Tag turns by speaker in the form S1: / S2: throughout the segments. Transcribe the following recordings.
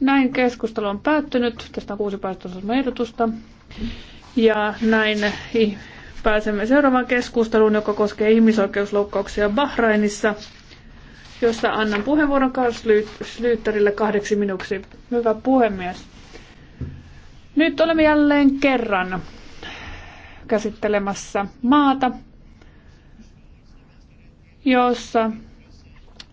S1: Näin keskustelu on päättynyt. Tästä on kuusi ehdotusta. Ja näin pääsemme seuraavaan keskusteluun, joka koskee ihmisoikeusloukkauksia Bahrainissa, jossa annan puheenvuoron Karl Slyytterille kahdeksi minuksi. Hyvä puhemies. Nyt olemme jälleen kerran käsittelemässä maata, jossa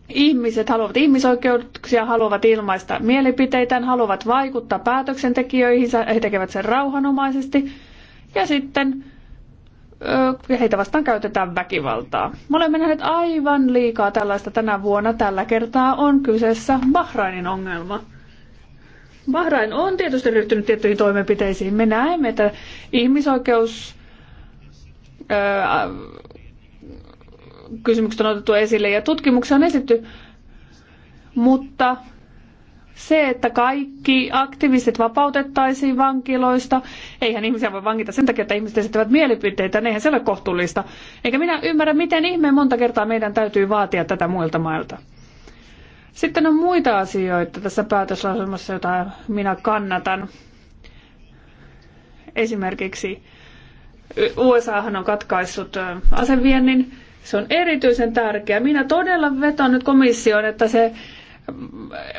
S1: Ihmiset haluavat ihmisoikeuksia, haluavat ilmaista mielipiteitään, haluavat vaikuttaa päätöksentekijöihinsä, he tekevät sen rauhanomaisesti ja sitten heitä vastaan käytetään väkivaltaa. Me olemme nähneet aivan liikaa tällaista tänä vuonna. Tällä kertaa on kyseessä Bahrainin ongelma. Bahrain on tietysti ryhtynyt tiettyihin toimenpiteisiin. Me näemme, että ihmisoikeus kysymykset on otettu esille ja tutkimuksia on esitty, mutta se, että kaikki aktivistit vapautettaisiin vankiloista, eihän ihmisiä voi vankita sen takia, että ihmiset esittävät mielipiteitä, eihän se ole kohtuullista. Eikä minä ymmärrä, miten ihme monta kertaa meidän täytyy vaatia tätä muilta mailta. Sitten on muita asioita tässä päätöslauselmassa, joita minä kannatan. Esimerkiksi USA on katkaissut aseviennin se on erityisen tärkeää. Minä todella vetoan nyt komissioon, että se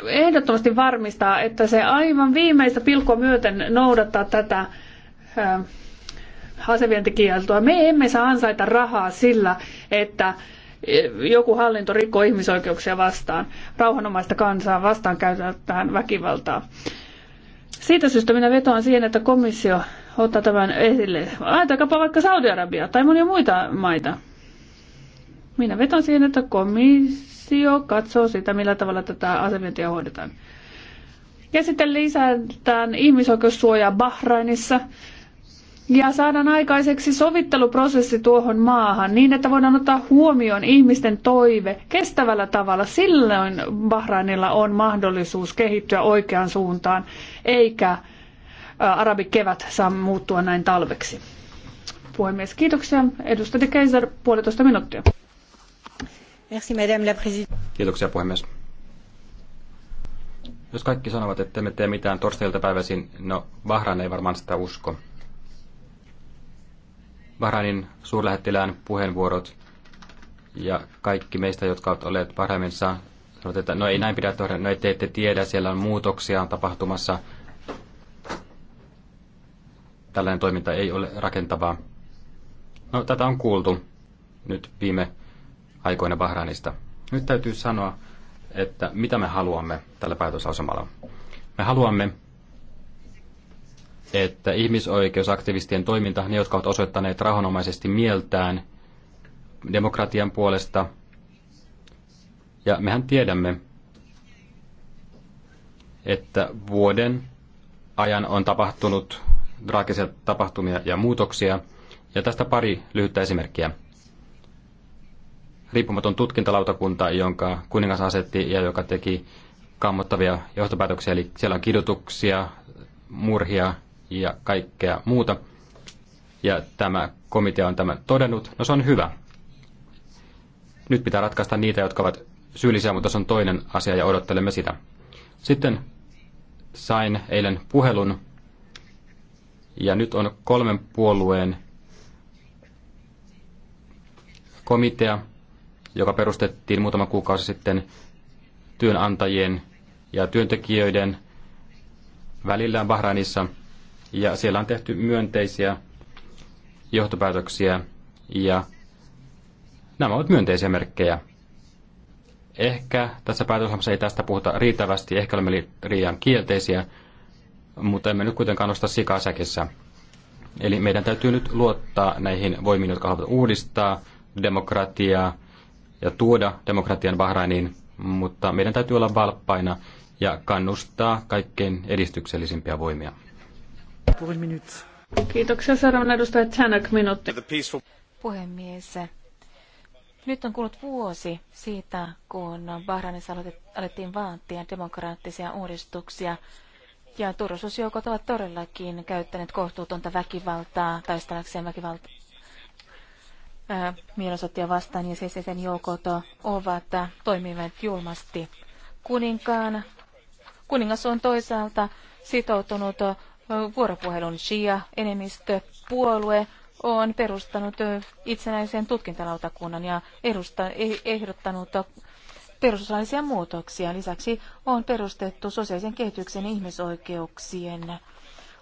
S1: ehdottomasti varmistaa, että se aivan viimeistä pilkkoa myöten noudattaa tätä asevientikieltoa. Me emme saa ansaita rahaa sillä, että joku hallinto rikkoo ihmisoikeuksia vastaan, rauhanomaista kansaa vastaan käytetään väkivaltaa. Siitä syystä minä vetoan siihen, että komissio ottaa tämän esille. Ajatelkaapa vaikka Saudi-Arabia tai monia muita maita. Minä vetän siihen, että komissio katsoo sitä, millä tavalla tätä asevientia hoidetaan. Ja sitten lisätään ihmisoikeussuojaa Bahrainissa ja saadaan aikaiseksi sovitteluprosessi tuohon maahan niin, että voidaan ottaa huomioon ihmisten toive kestävällä tavalla. Silloin Bahrainilla on mahdollisuus kehittyä oikeaan suuntaan, eikä arabikevät saa muuttua näin talveksi. Puhemies, kiitoksia. Edustaja Keiser, puolitoista minuuttia.
S2: Merci,
S3: Kiitoksia puhemies. Jos kaikki sanovat, että emme tee mitään torstailta päiväisin, no Bahrain ei varmaan sitä usko. Bahrainin suurlähettilään puheenvuorot ja kaikki meistä, jotka ovat olleet Bahrainissa, sanovat, että no ei näin pidä tehdä, no ei te ette tiedä, siellä on muutoksia tapahtumassa. Tällainen toiminta ei ole rakentavaa. No tätä on kuultu nyt viime aikoina Bahrainista. Nyt täytyy sanoa, että mitä me haluamme tällä päätösasemalla. Me haluamme, että ihmisoikeusaktivistien toiminta, ne jotka ovat osoittaneet rahonomaisesti mieltään demokratian puolesta, ja mehän tiedämme, että vuoden ajan on tapahtunut draagisia tapahtumia ja muutoksia. Ja tästä pari lyhyttä esimerkkiä riippumaton tutkintalautakunta, jonka kuningas asetti ja joka teki kammottavia johtopäätöksiä. Eli siellä on kidutuksia, murhia ja kaikkea muuta. Ja tämä komitea on tämän todennut. No se on hyvä. Nyt pitää ratkaista niitä, jotka ovat syyllisiä, mutta se on toinen asia ja odottelemme sitä. Sitten sain eilen puhelun ja nyt on kolmen puolueen komitea, joka perustettiin muutama kuukausi sitten työnantajien ja työntekijöiden välillä Bahrainissa. Ja siellä on tehty myönteisiä johtopäätöksiä ja nämä ovat myönteisiä merkkejä. Ehkä tässä päätöslamassa ei tästä puhuta riittävästi, ehkä olemme liian kielteisiä, mutta emme nyt kuitenkaan nosta sikaa säkissä. Eli meidän täytyy nyt luottaa näihin voimiin, jotka haluavat uudistaa demokratiaa, ja tuoda demokratian Bahrainiin, mutta meidän täytyy olla valppaina ja kannustaa kaikkein edistyksellisimpiä voimia.
S1: Kiitoksia. Seuraavan edustaja Tänak minuutti.
S4: Puhemies, nyt on kulunut vuosi siitä, kun Bahrainissa alettiin vaatia demokraattisia uudistuksia. Ja turvallisuusjoukot ovat todellakin käyttäneet kohtuutonta väkivaltaa taistellakseen väkivaltaa mielosotia vastaan ja siis sen joukot ovat toimivat julmasti. Kuninkaan, kuningas on toisaalta sitoutunut vuoropuhelun Shia enemmistöpuolue on perustanut itsenäisen tutkintalautakunnan ja edusta, e, ehdottanut perustuslaillisia muutoksia. Lisäksi on perustettu sosiaalisen kehityksen ihmisoikeuksien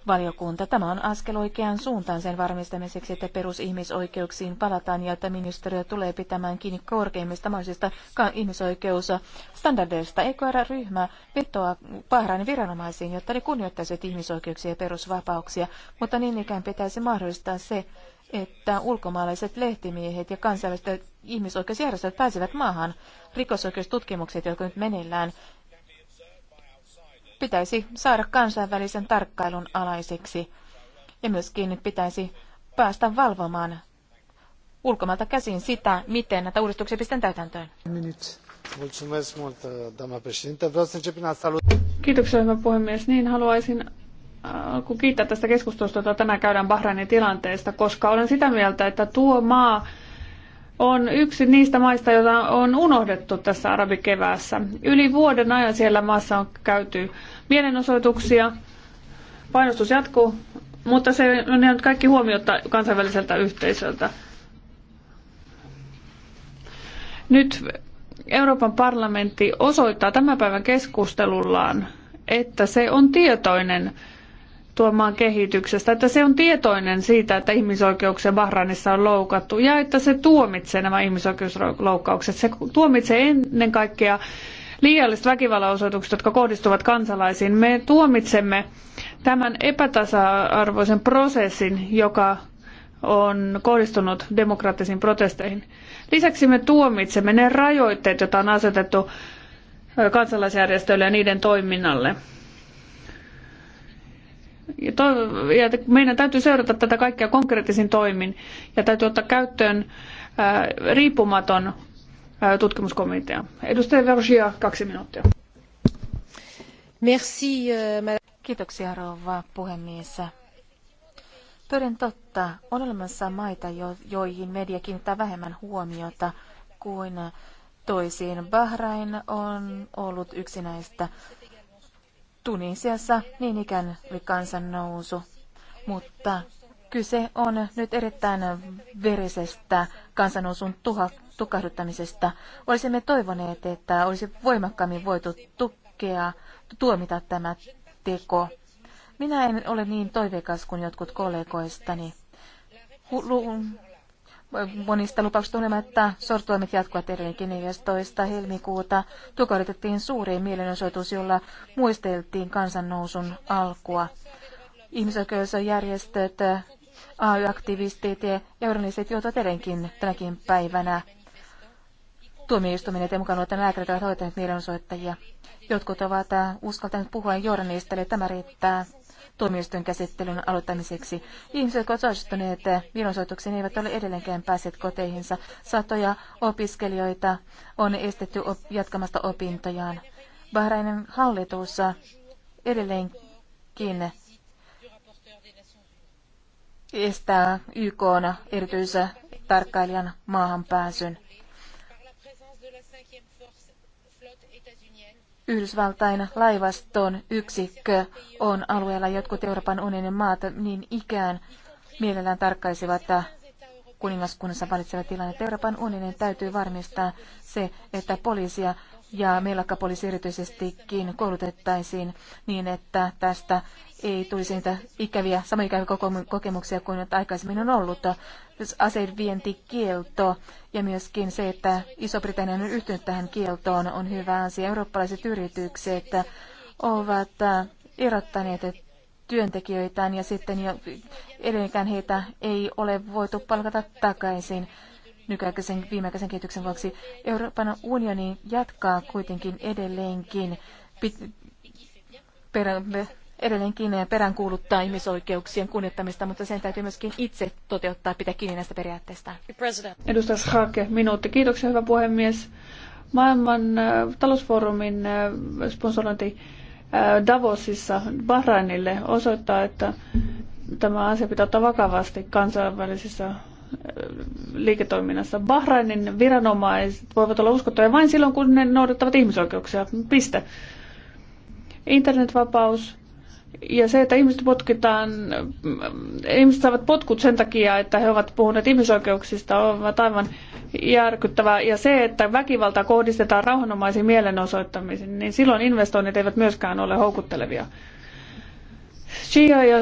S4: valiokunta. Tämä on askel oikeaan suuntaan sen varmistamiseksi, että perusihmisoikeuksiin palataan ja että ministeriö tulee pitämään kiinni korkeimmista mahdollisista ihmisoikeusstandardeista. EKR-ryhmä vetoa pahran viranomaisiin, jotta ne kunnioittaisivat ihmisoikeuksia ja perusvapauksia, mutta niin ikään pitäisi mahdollistaa se, että ulkomaalaiset lehtimiehet ja kansainväliset ihmisoikeusjärjestöt pääsevät maahan. Rikosoikeustutkimukset, jotka nyt meneillään, pitäisi saada kansainvälisen tarkkailun alaiseksi ja myöskin pitäisi päästä valvomaan ulkomailta käsin sitä, miten
S1: näitä uudistuksia pistetään täytäntöön. Kiitoksia, hyvä puhemies. Niin haluaisin alkuun äh, kiittää tästä keskustelusta, jota tänään käydään Bahrainin tilanteesta, koska olen sitä mieltä, että tuo maa on yksi niistä maista, joita on unohdettu tässä arabikeväässä. Yli vuoden ajan siellä maassa on käyty mielenosoituksia, painostus jatkuu, mutta se on jäänyt kaikki huomiota kansainväliseltä yhteisöltä. Nyt Euroopan parlamentti osoittaa tämän päivän keskustelullaan, että se on tietoinen tuon maan kehityksestä, että se on tietoinen siitä, että ihmisoikeuksia Bahrainissa on loukattu ja että se tuomitsee nämä ihmisoikeusloukkaukset. Se tuomitsee ennen kaikkea liialliset väkivallanosoitukset, jotka kohdistuvat kansalaisiin. Me tuomitsemme tämän epätasa-arvoisen prosessin, joka on kohdistunut demokraattisiin protesteihin. Lisäksi me tuomitsemme ne rajoitteet, joita on asetettu kansalaisjärjestöille ja niiden toiminnalle. Ja, to- ja meidän täytyy seurata tätä kaikkea konkreettisin toimin ja täytyy ottaa käyttöön ää, äh, riippumaton ää, äh, tutkimuskomitea. Edustaja Vergia, kaksi minuuttia.
S5: Merci, äh,
S1: Kiitoksia rouva puhemies.
S4: Toden totta, on olemassa maita, jo- joihin media kiinnittää vähemmän huomiota kuin toisiin. Bahrain on ollut yksi näistä. Tunisiassa niin ikään oli kansannousu, mutta kyse on nyt erittäin verisestä kansannousun tuha, tukahduttamisesta. Olisimme toivoneet, että olisi voimakkaammin voitu tukea, tuomita tämä teko. Minä en ole niin toiveikas kuin jotkut kollegoistani monista lupauksista huolimatta sortoimet jatkuvat edelleenkin 14. helmikuuta. Tukaritettiin suuri mielenosoitus, jolla muisteltiin kansannousun alkua. Ihmisoikeusjärjestöt, AY-aktivistit ja journalistit joutuvat edelleenkin tänäkin päivänä tuomioistuminen ja mukaan luotan lääkärit ovat hoitaneet mielenosoittajia. Jotkut ovat uskaltaneet puhua journalisteille, tämä riittää tuomioistuin käsittelyn aloittamiseksi. Ihmiset, jotka ovat osallistuneet mielenosoituksiin, eivät ole edelleenkään päässeet koteihinsa. Satoja opiskelijoita on estetty op- jatkamasta opintojaan. Bahrainin hallitus edelleenkin estää YK erityisen tarkkailijan maahan pääsyn. Yhdysvaltain laivaston yksikkö on alueella. Jotkut Euroopan unionin maat niin ikään mielellään tarkkaisivat kuningaskunnassa valitseva tilanne. Euroopan unionin täytyy varmistaa se, että poliisia ja poliisi erityisestikin koulutettaisiin niin, että tästä ei tulisi niitä ikäviä, samoja ikäviä kokemuksia kuin että aikaisemmin on ollut. Aseiden vientikielto ja myöskin se, että Iso-Britannia on yhtynyt tähän kieltoon, on hyvä asia. Eurooppalaiset yritykset ovat erottaneet työntekijöitään ja sitten jo edelleenkään heitä ei ole voitu palkata takaisin nykyaikaisen viimeaikaisen kehityksen vuoksi. Euroopan unioni jatkaa kuitenkin edelleenkin pit, per, ja peräänkuuluttaa ihmisoikeuksien kunnioittamista, mutta sen täytyy myöskin itse toteuttaa pitää kiinni näistä periaatteista.
S1: Edustaja Schake, minuutti. Kiitoksia, hyvä puhemies. Maailman äh, talousfoorumin äh, sponsorointi äh, Davosissa Bahrainille osoittaa, että tämä asia pitää ottaa vakavasti kansainvälisissä liiketoiminnassa. Bahrainin viranomaiset voivat olla uskottavia vain silloin, kun ne noudattavat ihmisoikeuksia. Piste. Internetvapaus, ja se, että ihmiset potkitaan, ihmiset saavat potkut sen takia, että he ovat puhuneet ihmisoikeuksista, ovat aivan järkyttävää. Ja se, että väkivalta kohdistetaan rauhanomaisiin mielenosoittamisiin, niin silloin investoinnit eivät myöskään ole houkuttelevia. Shia- ja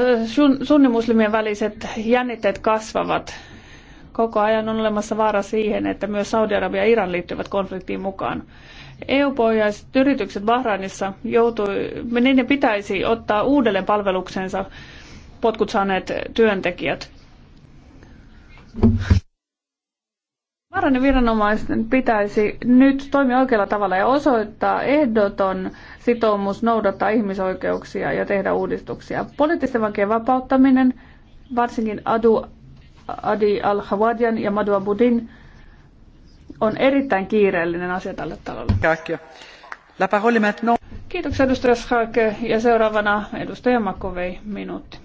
S1: sunnimuslimien väliset jännitteet kasvavat. Koko ajan on olemassa vaara siihen, että myös Saudi-Arabia ja Iran liittyvät konfliktiin mukaan. EU-pohjaiset yritykset Bahrainissa joutui, niiden pitäisi ottaa uudelleen palveluksensa potkut saaneet työntekijät. Bahrainin viranomaisten pitäisi nyt toimia oikealla tavalla ja osoittaa ehdoton sitoumus noudattaa ihmisoikeuksia ja tehdä uudistuksia. Poliittisten vankien vapauttaminen, varsinkin Adu Adi al-Hawadian ja Madua Budin on erittäin kiireellinen asia tälle talolle. Kiitoksia edustaja ja seuraavana edustaja Makovei minuutti.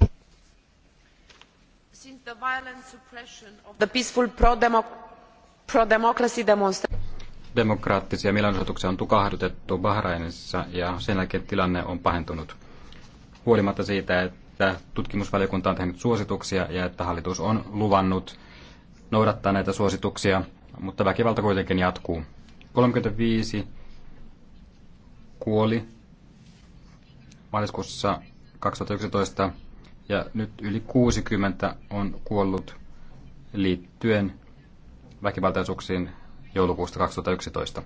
S3: Demokraattisia mielenosoituksia on tukahdutettu Bahrainissa ja sen jälkeen tilanne on pahentunut. Huolimatta siitä, että tutkimusvaliokunta on tehnyt suosituksia ja että hallitus on luvannut noudattaa näitä suosituksia – mutta väkivalta kuitenkin jatkuu. 35 kuoli maaliskuussa 2011 ja nyt yli 60 on kuollut liittyen väkivaltaisuuksiin joulukuusta 2011.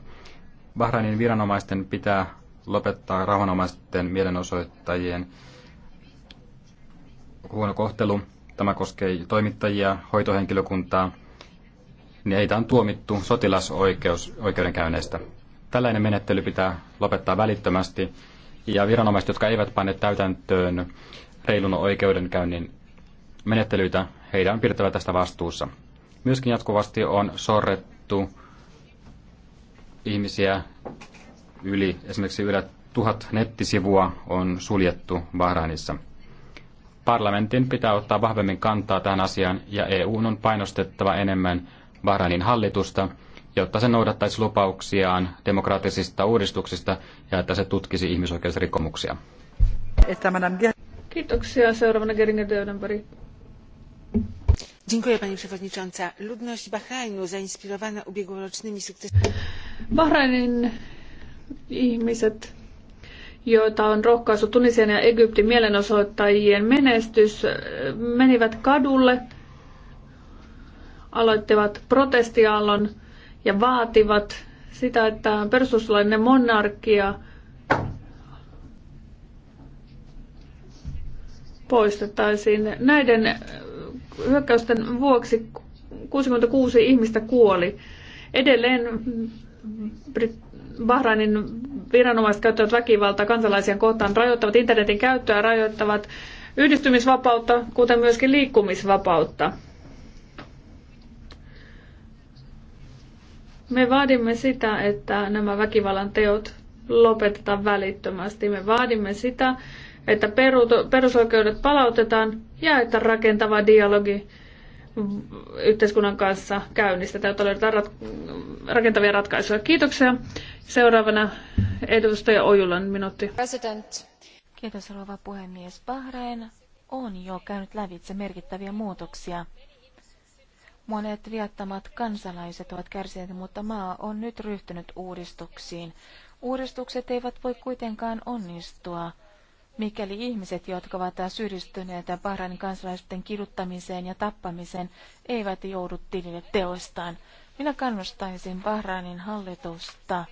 S3: Bahrainin viranomaisten pitää lopettaa rauhanomaisten mielenosoittajien huono kohtelu. Tämä koskee toimittajia, hoitohenkilökuntaa niin heitä on tuomittu sotilasoikeudenkäynneistä. Tällainen menettely pitää lopettaa välittömästi, ja viranomaiset, jotka eivät panne täytäntöön reilun oikeudenkäynnin menettelyitä, heidän on pidettävä tästä vastuussa. Myöskin jatkuvasti on sorrettu ihmisiä yli, esimerkiksi yli tuhat nettisivua on suljettu Bahrainissa. Parlamentin pitää ottaa vahvemmin kantaa tähän asiaan ja EU on painostettava enemmän Bahrainin hallitusta, jotta se noudattaisi lupauksiaan demokraattisista uudistuksista ja että se tutkisi ihmisoikeusrikkomuksia.
S1: Kiitoksia. Seuraavana Geringer Dödenberg. Dziękuję Pani Przewodnicząca. Ludność Bahrainu zainspirowana ubiegłorocznymi sukcesami. Bahrainin ihmiset, joita on rohkaisu Tunisian ja Egyptin mielenosoittajien menestys, menivät kadulle – aloittivat protestiaallon ja vaativat sitä, että perustuslainen monarkia poistettaisiin. Näiden hyökkäysten vuoksi 66 ihmistä kuoli. Edelleen Bahrainin viranomaiset käyttävät väkivaltaa kansalaisia kohtaan, rajoittavat internetin käyttöä, rajoittavat yhdistymisvapautta, kuten myöskin liikkumisvapautta. Me vaadimme sitä, että nämä väkivallan teot lopetetaan välittömästi. Me vaadimme sitä, että perusoikeudet palautetaan ja että rakentava dialogi yhteiskunnan kanssa käynnistetään, jotta löydetään rat- rakentavia ratkaisuja. Kiitoksia. Seuraavana edustaja Ojulan minuutti.
S4: President. Kiitos rouva puhemies. Bahrain on jo käynyt lävitse merkittäviä muutoksia Monet viattamat kansalaiset ovat kärsineet, mutta maa on nyt ryhtynyt uudistuksiin. Uudistukset eivät voi kuitenkaan onnistua, mikäli ihmiset, jotka ovat syyllistyneet Bahrainin kansalaisten kiduttamiseen ja tappamiseen, eivät joudu tilille teoistaan. Minä kannustaisin Bahrainin hallitusta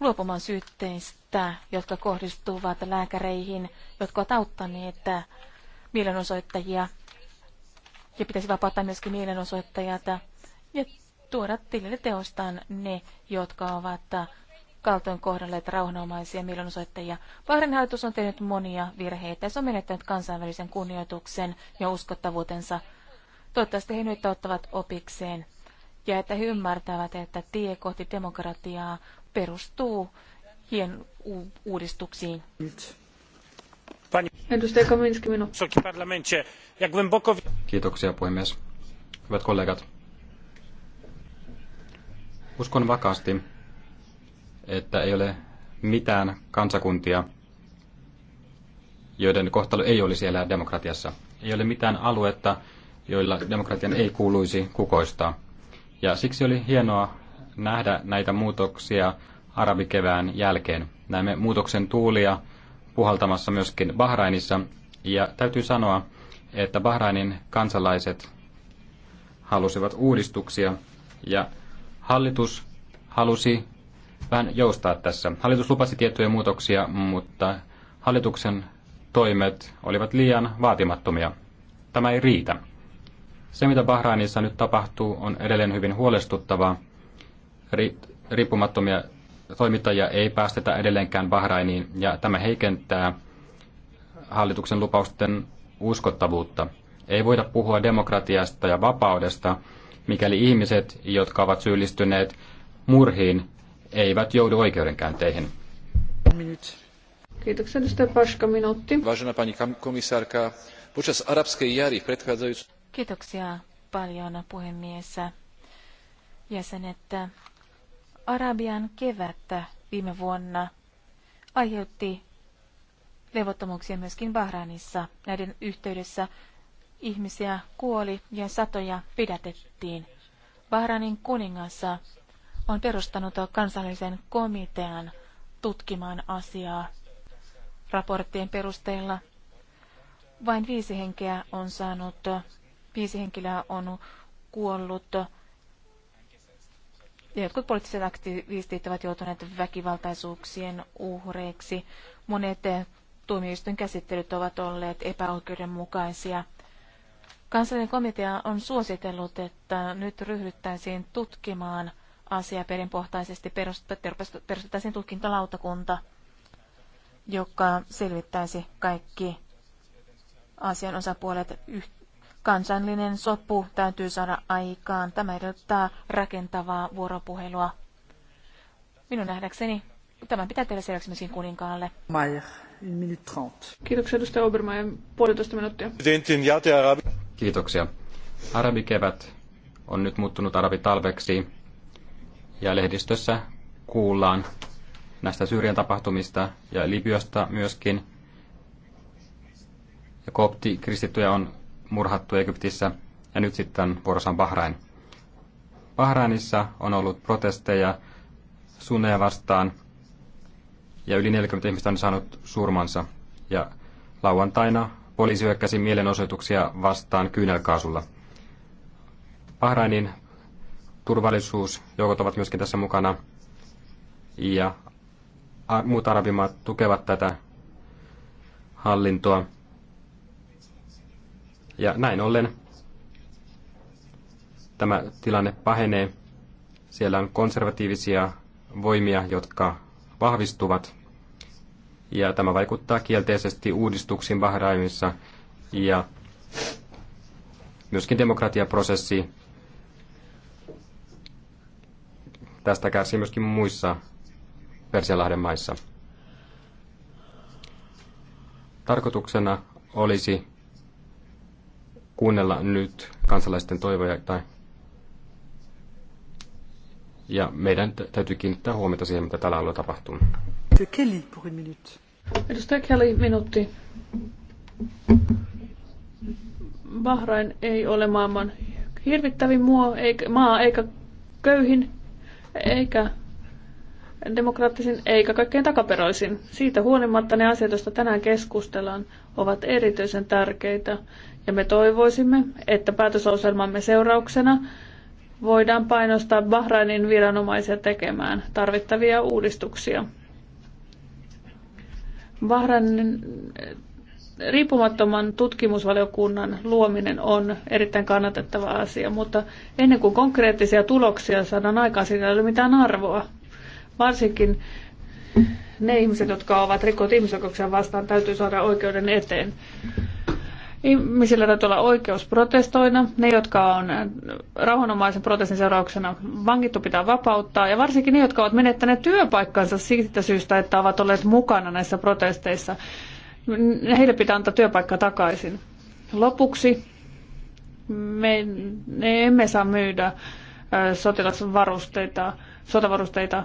S4: luopumaan syytteistä, jotka kohdistuvat lääkäreihin, jotka ovat auttaneet mielenosoittajia ja pitäisi vapauttaa myöskin mielenosoittajat ja tuoda tilille teostaan ne, jotka ovat kaltoin kohdalleet rauhanomaisia mielenosoittajia. Bahrain hallitus on tehnyt monia virheitä ja se on menettänyt kansainvälisen kunnioituksen ja uskottavuutensa. Toivottavasti he nyt ottavat opikseen ja että he ymmärtävät, että tie kohti demokratiaa perustuu hien uudistuksiin.
S1: Nyt. Edustaja Kaminski, minuutti.
S3: Kiitoksia puhemies. Hyvät kollegat. Uskon vakaasti, että ei ole mitään kansakuntia, joiden kohtalo ei olisi elää demokratiassa. Ei ole mitään aluetta, joilla demokratian ei kuuluisi kukoistaa. Ja siksi oli hienoa nähdä näitä muutoksia arabikevään jälkeen. Näemme muutoksen tuulia puhaltamassa myöskin Bahrainissa. Ja täytyy sanoa, että Bahrainin kansalaiset halusivat uudistuksia ja hallitus halusi vähän joustaa tässä. Hallitus lupasi tiettyjä muutoksia, mutta hallituksen toimet olivat liian vaatimattomia. Tämä ei riitä. Se, mitä Bahrainissa nyt tapahtuu, on edelleen hyvin huolestuttavaa. Riippumattomia toimittajia ei päästetä edelleenkään Bahrainiin, ja tämä heikentää hallituksen lupausten uskottavuutta. Ei voida puhua demokratiasta ja vapaudesta, mikäli ihmiset, jotka ovat syyllistyneet murhiin, eivät joudu oikeudenkäynteihin.
S1: Kiitoksia, edustaja Paska, minuutti.
S3: Vážená pani komisárka, počas arabskej jari
S4: Kiitoksia paljon, puhemies. Jäsenet, Arabian kevättä viime vuonna aiheutti levottomuuksia myöskin Bahrainissa. Näiden yhteydessä ihmisiä kuoli ja satoja pidätettiin. Bahrainin kuningassa on perustanut kansallisen komitean tutkimaan asiaa. Raporttien perusteella vain viisi henkeä on saanut, viisi henkilöä on kuollut Jotkut poliittiset aktivistit ovat joutuneet väkivaltaisuuksien uhreiksi. Monet eh, tuomioistuin käsittelyt ovat olleet epäoikeudenmukaisia. Kansallinen komitea on suositellut, että nyt ryhdyttäisiin tutkimaan asiaa perinpohtaisesti, perustettaisiin tutkintalautakunta, joka selvittäisi kaikki asian osapuolet Kansallinen sopu täytyy saada aikaan. Tämä edellyttää rakentavaa vuoropuhelua. Minun nähdäkseni tämä pitää tehdä selväksi myös kuninkaalle.
S1: Kiitoksia edustaja Obermaier, puolitoista minuuttia.
S3: Kiitoksia. Arabikevät on nyt muuttunut arabitalveksi ja lehdistössä kuullaan näistä Syyrian tapahtumista ja Libyasta myöskin. Ja kopti kristittyjä on murhattu Egyptissä ja nyt sitten vuorossa on Bahrain. Bahrainissa on ollut protesteja sunneja vastaan ja yli 40 ihmistä on saanut surmansa. Ja lauantaina poliisi hyökkäsi mielenosoituksia vastaan kyynelkaasulla. Bahrainin turvallisuusjoukot ovat myöskin tässä mukana ja muut arabimaat tukevat tätä hallintoa. Ja näin ollen tämä tilanne pahenee. Siellä on konservatiivisia voimia, jotka vahvistuvat. Ja tämä vaikuttaa kielteisesti uudistuksiin Bahraimissa ja myöskin demokratiaprosessi. Tästä kärsii myöskin muissa Persialahden maissa. Tarkoituksena olisi kuunnella nyt kansalaisten toivoja tai ja meidän täytyy kiinnittää huomiota siihen, mitä tällä alueella tapahtuu.
S1: Kelly, Edustaja Kelly, minuutti. Bahrain ei ole maailman hirvittävin muo, eikä, maa eikä köyhin eikä demokraattisin eikä kaikkein takaperoisin. Siitä huolimatta ne asiat, joista tänään keskustellaan, ovat erityisen tärkeitä ja me toivoisimme, että päätösohjelmamme seurauksena voidaan painostaa Bahrainin viranomaisia tekemään tarvittavia uudistuksia. Bahrainin eh, riippumattoman tutkimusvaliokunnan luominen on erittäin kannatettava asia, mutta ennen kuin konkreettisia tuloksia saadaan aikaan, sillä ei ole mitään arvoa. Varsinkin ne ihmiset, jotka ovat rikkoneet ihmisoikeuksia vastaan, täytyy saada oikeuden eteen. Ihmisillä täytyy olla oikeus protestoida. Ne, jotka on rauhanomaisen protestin seurauksena vangittu, pitää vapauttaa. Ja varsinkin ne, jotka ovat menettäneet työpaikkansa siitä syystä, että ovat olleet mukana näissä protesteissa, heille pitää antaa työpaikka takaisin. Lopuksi me emme saa myydä sotilasvarusteita, sotavarusteita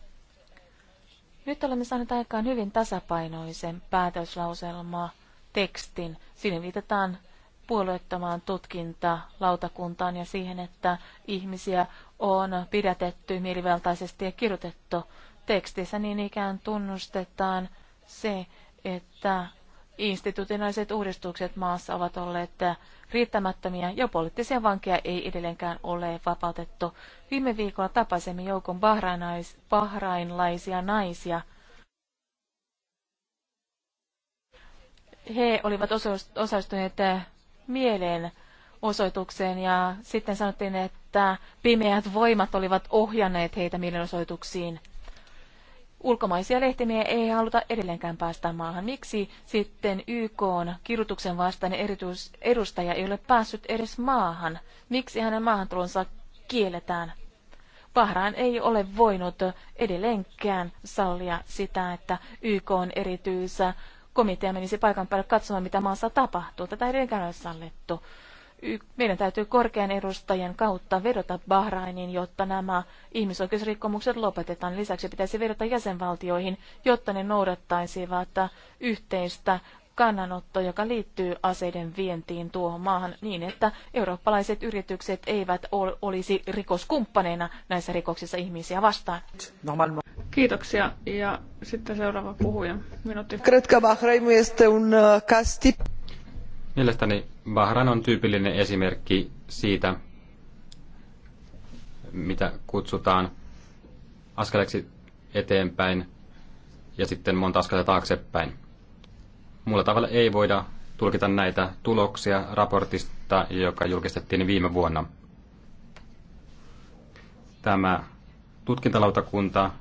S4: nyt olemme saaneet aikaan hyvin tasapainoisen päätöslauselmaa tekstin. Siinä viitataan puolueettomaan lautakuntaan ja siihen, että ihmisiä on pidätetty mielivaltaisesti ja kirjoitettu tekstissä, niin ikään tunnustetaan se, että institutionaaliset uudistukset maassa ovat olleet riittämättömiä ja poliittisia vankeja ei edelleenkään ole vapautettu. Viime viikolla tapasimme joukon bahrainais, bahrainlaisia naisia. He olivat osallistuneet mieleen osoitukseen ja sitten sanottiin, että pimeät voimat olivat ohjanneet heitä mielenosoituksiin ulkomaisia lehtimiä ei haluta edelleenkään päästä maahan. Miksi sitten YK on kirjoituksen vastainen edustaja ei ole päässyt edes maahan? Miksi hänen maahantulonsa kielletään? Pahraan ei ole voinut edelleenkään sallia sitä, että YK on erityisä komitea menisi paikan päälle katsomaan, mitä maassa tapahtuu. Tätä ei edelleenkään ole sallittu meidän täytyy korkean edustajan kautta vedota Bahrainiin, jotta nämä ihmisoikeusrikkomukset lopetetaan. Lisäksi pitäisi vedota jäsenvaltioihin, jotta ne noudattaisivat yhteistä kannanottoa, joka liittyy aseiden vientiin tuohon maahan niin, että eurooppalaiset yritykset eivät olisi rikoskumppaneina näissä rikoksissa ihmisiä vastaan. Kiitoksia. Ja
S1: sitten seuraava puhuja. Minuutti.
S5: Uh,
S3: Mielestäni Bahran on tyypillinen esimerkki siitä, mitä kutsutaan askeleksi eteenpäin ja sitten monta askelta taaksepäin. Muulla tavalla ei voida tulkita näitä tuloksia raportista, joka julkistettiin viime vuonna. Tämä tutkintalautakunta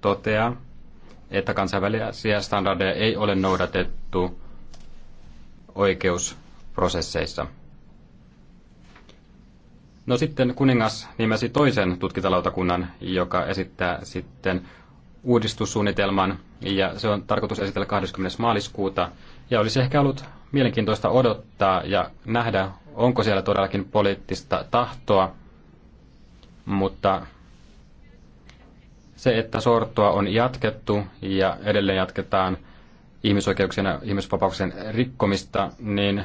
S3: toteaa, että kansainvälisiä standardeja ei ole noudatettu oikeus prosesseissa. No sitten kuningas nimesi toisen tutkintalautakunnan, joka esittää sitten uudistussuunnitelman, ja se on tarkoitus esitellä 20. maaliskuuta. Ja olisi ehkä ollut mielenkiintoista odottaa ja nähdä, onko siellä todellakin poliittista tahtoa, mutta se, että sortoa on jatkettu ja edelleen jatketaan ihmisoikeuksien ja ihmisvapauksien rikkomista, niin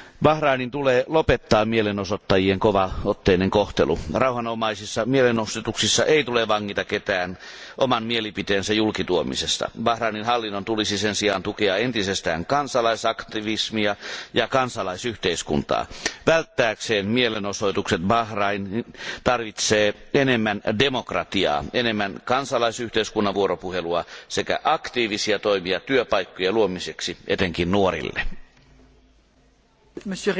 S6: bahrainin tulee lopettaa mielenosoittajien kovaotteinen kohtelu. rauhanomaisissa mielenosoituksissa ei tule vangita ketään oman mielipiteensä julkituomisesta. bahrainin hallinnon tulisi sen sijaan tukea entisestään kansalaisaktivismia ja kansalaisyhteiskuntaa. välttääkseen mielenosoitukset bahrain tarvitsee enemmän demokratiaa enemmän kansalaisyhteiskunnan vuoropuhelua sekä aktiivisia toimia työpaikkojen luomiseksi etenkin nuorille
S1: arvoisa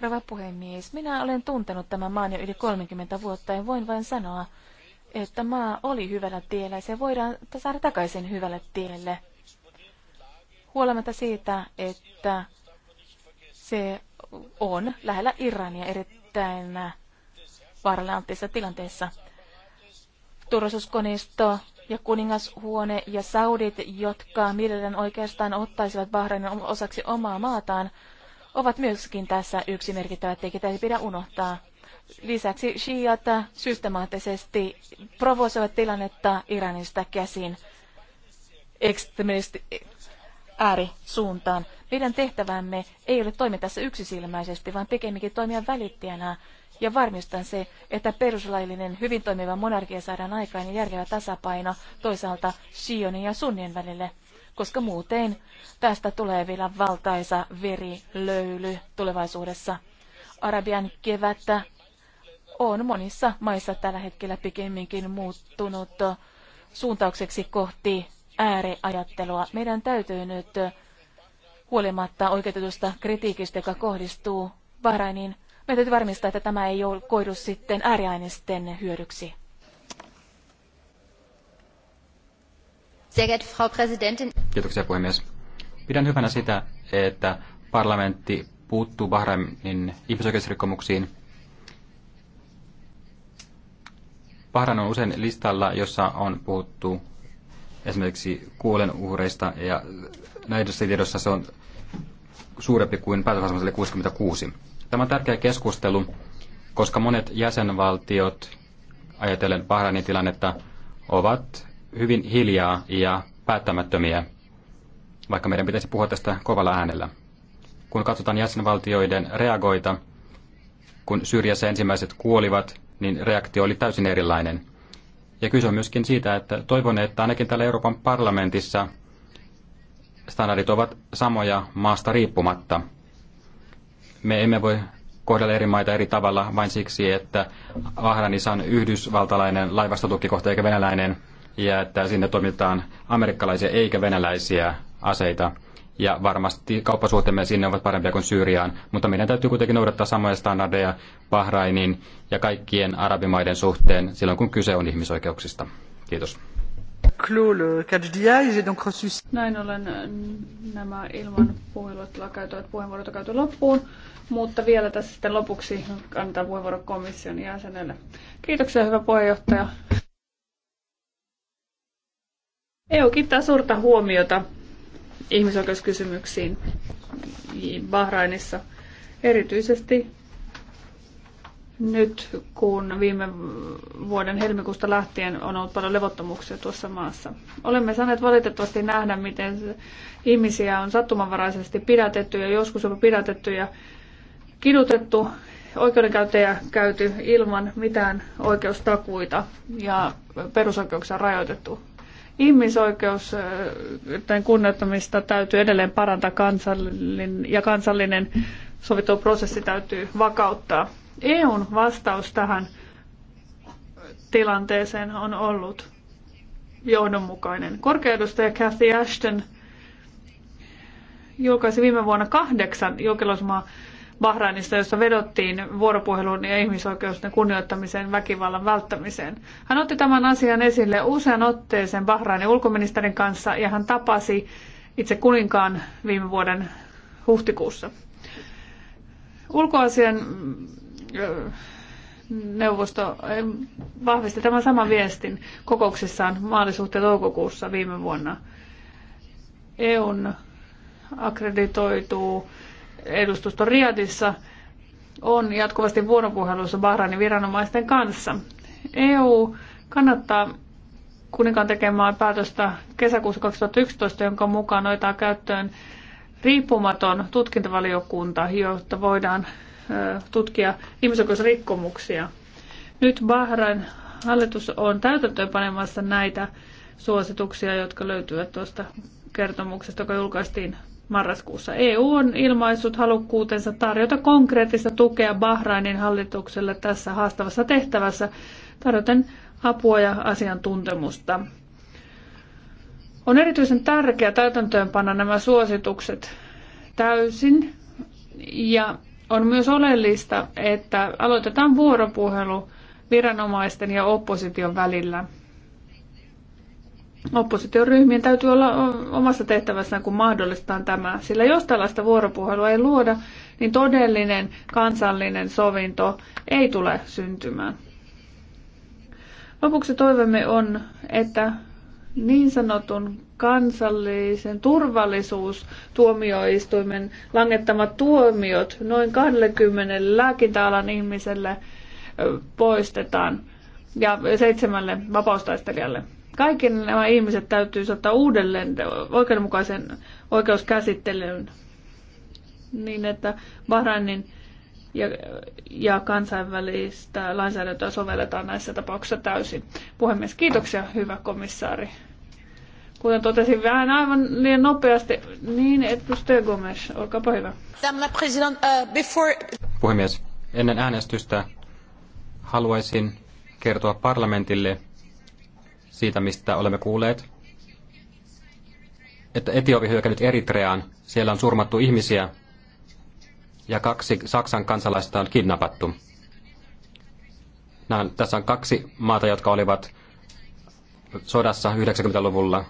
S4: Repo, puhemies, minä olen tuntenut tämän maan jo yli kolmekymmentä vuotta ja voin vain sanoa, että maa oli hyvällä tiellä ja se voidaan saada takaisin hyvälle tielle. Huolimatta siitä, että se on lähellä Irania erittäin vaarallisessa tilanteessa turvallisuuskoneisto ja kuningashuone ja saudit, jotka mielellään oikeastaan ottaisivat Bahrainin osaksi omaa maataan, ovat myöskin tässä yksi merkittävä tekijä, ei pidä unohtaa. Lisäksi shiat systemaattisesti provosoivat tilannetta Iranista käsin ekstremisti äärisuuntaan. Meidän tehtävämme ei ole toimia tässä yksisilmäisesti, vaan pikemminkin toimia välittäjänä ja varmistan se, että peruslaillinen hyvin toimiva monarkia saadaan aikaan ja järkevä tasapaino toisaalta Shionin ja Sunnien välille, koska muuten tästä tulee vielä valtaisa verilöyly tulevaisuudessa. Arabian kevättä on monissa maissa tällä hetkellä pikemminkin muuttunut suuntaukseksi kohti ääriajattelua. Meidän täytyy nyt huolimatta oikeutetusta kritiikistä, joka kohdistuu Bahrainin meidän täytyy varmistaa, että tämä ei koidu sitten ääriainesten hyödyksi.
S3: Kiitoksia puhemies. Pidän hyvänä sitä, että parlamentti puuttuu Bahrainin ihmisoikeusrikkomuksiin. Bahrain on usein listalla, jossa on puhuttu esimerkiksi kuolen uhreista, ja näissä tiedossa se on suurempi kuin päätösasemaiselle 66. Tämä on tärkeä keskustelu, koska monet jäsenvaltiot, ajatellen Bahrainin tilannetta, ovat hyvin hiljaa ja päättämättömiä, vaikka meidän pitäisi puhua tästä kovalla äänellä. Kun katsotaan jäsenvaltioiden reagoita, kun Syyriassa ensimmäiset kuolivat, niin reaktio oli täysin erilainen. Ja kyse on myöskin siitä, että toivon, että ainakin täällä Euroopan parlamentissa standardit ovat samoja maasta riippumatta – me emme voi kohdella eri maita eri tavalla vain siksi, että Ahranissa on yhdysvaltalainen laivastotukikohta eikä venäläinen, ja että sinne toimitetaan amerikkalaisia eikä venäläisiä aseita. Ja varmasti kauppasuhteemme sinne ovat parempia kuin Syyriaan, mutta meidän täytyy kuitenkin noudattaa samoja standardeja Bahrainin ja kaikkien arabimaiden suhteen silloin, kun kyse on ihmisoikeuksista. Kiitos.
S1: Näin ollen mm, nämä ilman puhuiluettila käytävät puheenvuorot on loppuun. Mutta vielä tässä sitten lopuksi kannattaa puheenvuoro komission jäsenelle. Kiitoksia, hyvä puheenjohtaja. EU kiittää suurta huomiota ihmisoikeuskysymyksiin Bahrainissa. Erityisesti nyt, kun viime vuoden helmikuusta lähtien on ollut paljon levottomuuksia tuossa maassa. Olemme saaneet valitettavasti nähdä, miten ihmisiä on sattumanvaraisesti pidätetty ja joskus jopa pidätetty ja kidutettu, oikeudenkäyntejä käyty ilman mitään oikeustakuita ja perusoikeuksia rajoitettu. Ihmisoikeus kunnioittamista täytyy edelleen parantaa kansallinen, ja kansallinen prosessi täytyy vakauttaa. EUn vastaus tähän tilanteeseen on ollut johdonmukainen. Korkeudustaja Kathy Ashton julkaisi viime vuonna kahdeksan julkilausumaa Bahrainista, jossa vedottiin vuoropuheluun ja ihmisoikeuksien kunnioittamiseen, väkivallan välttämiseen. Hän otti tämän asian esille usean otteeseen Bahrainin ulkoministerin kanssa ja hän tapasi itse kuninkaan viime vuoden huhtikuussa. Ulkoasian neuvosto vahvisti tämän saman viestin kokouksessaan maalisuhteen toukokuussa viime vuonna. EUn akkreditoituu edustusto Riadissa on jatkuvasti vuoropuhelussa Bahrainin viranomaisten kanssa. EU kannattaa kuninkaan tekemää päätöstä kesäkuussa 2011, jonka mukaan noitaa käyttöön riippumaton tutkintavaliokunta, jotta voidaan tutkia ihmisoikeusrikkomuksia. Nyt Bahrain hallitus on täytäntöönpanemassa näitä suosituksia, jotka löytyvät tuosta kertomuksesta, joka julkaistiin marraskuussa. EU on ilmaissut halukkuutensa tarjota konkreettista tukea Bahrainin hallitukselle tässä haastavassa tehtävässä, tarjoten apua ja asiantuntemusta. On erityisen tärkeää täytäntöönpanna nämä suositukset täysin ja on myös oleellista, että aloitetaan vuoropuhelu viranomaisten ja opposition välillä – oppositioryhmien täytyy olla omassa tehtävässään, kun mahdollistaan tämä. Sillä jos tällaista vuoropuhelua ei luoda, niin todellinen kansallinen sovinto ei tule syntymään. Lopuksi toivemme on, että niin sanotun kansallisen turvallisuustuomioistuimen langettamat tuomiot noin 20 lääkintäalan ihmiselle poistetaan ja seitsemälle vapaustaistelijalle. Kaiken nämä ihmiset täytyy saattaa uudelleen oikeudenmukaisen oikeuskäsittelyyn niin, että Bahrainin ja, ja kansainvälistä lainsäädäntöä sovelletaan näissä tapauksissa täysin. Puhemies, kiitoksia hyvä komissaari. Kuten totesin vähän aivan liian nopeasti, niin edustaja Gomes, olkaapa hyvä.
S5: Uh,
S3: Puhemies, ennen äänestystä haluaisin kertoa parlamentille siitä, mistä olemme kuulleet, että Etiopi hyökännyt Eritreaan. Siellä on surmattu ihmisiä ja kaksi Saksan kansalaista on kidnappattu. Nämä, tässä on kaksi maata, jotka olivat sodassa 90-luvulla.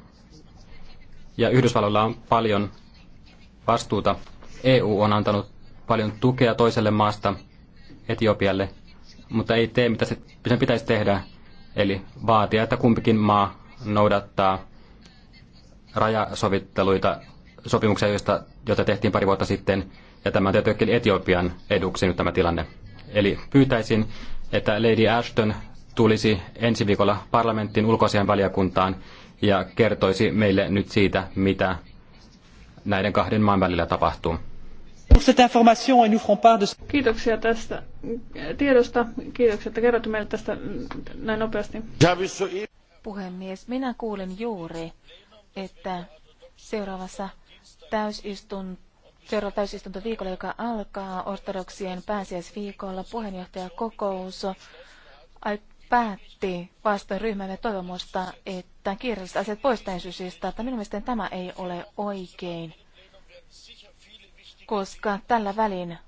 S3: Ja Yhdysvalloilla on paljon vastuuta. EU on antanut paljon tukea toiselle maasta, Etiopialle, mutta ei tee mitä sen pitäisi tehdä. Eli vaatia, että kumpikin maa noudattaa rajasovitteluita, sopimuksia, joista, joita tehtiin pari vuotta sitten, ja tämä on tietysti Etiopian eduksi nyt tämä tilanne. Eli pyytäisin, että Lady Ashton tulisi ensi viikolla parlamentin ulkoiseen valiokuntaan ja kertoisi meille nyt siitä, mitä näiden kahden maan välillä tapahtuu.
S1: Kiitoksia tästä tiedosta. Kiitoksia, että meille tästä näin nopeasti. Puhemies, minä kuulin juuri,
S4: että seuraavassa täysistun, seuraava täysistuntoviikolla, joka alkaa ortodoksien pääsiäisviikolla, puheenjohtajakokous päätti vastoin ryhmämme toivomusta, että kiireelliset asiat poistaisiin syystä, että minun mielestäni tämä ei ole oikein koska tällä välin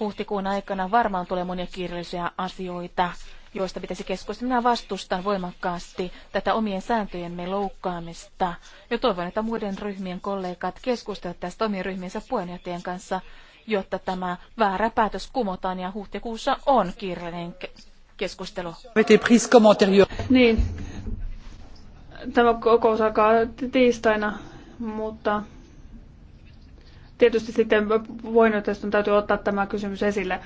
S4: huhtikuun aikana varmaan tulee monia kiireellisiä asioita, joista pitäisi keskustella. Minä vastustan voimakkaasti tätä omien sääntöjemme loukkaamista ja toivon, että muiden ryhmien kollegat keskustelevat tästä omien ryhmiensä puheenjohtajien kanssa, jotta tämä väärä päätös kumotaan ja huhtikuussa on kirjallinen
S1: keskustelu. Niin. Tämä kokous alkaa tiistaina, mutta Tietysti sitten on täytyy ottaa tämä kysymys esille.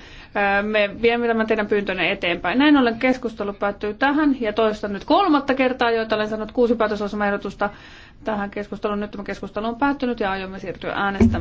S1: Me viemme tämän teidän pyyntönne eteenpäin. Näin ollen keskustelu päättyy tähän ja toistan nyt kolmatta kertaa, joita olen sanonut kuusi päätösosamehdotusta tähän keskusteluun. Nyt tämä keskustelu on päättynyt ja aiomme siirtyä äänestämään.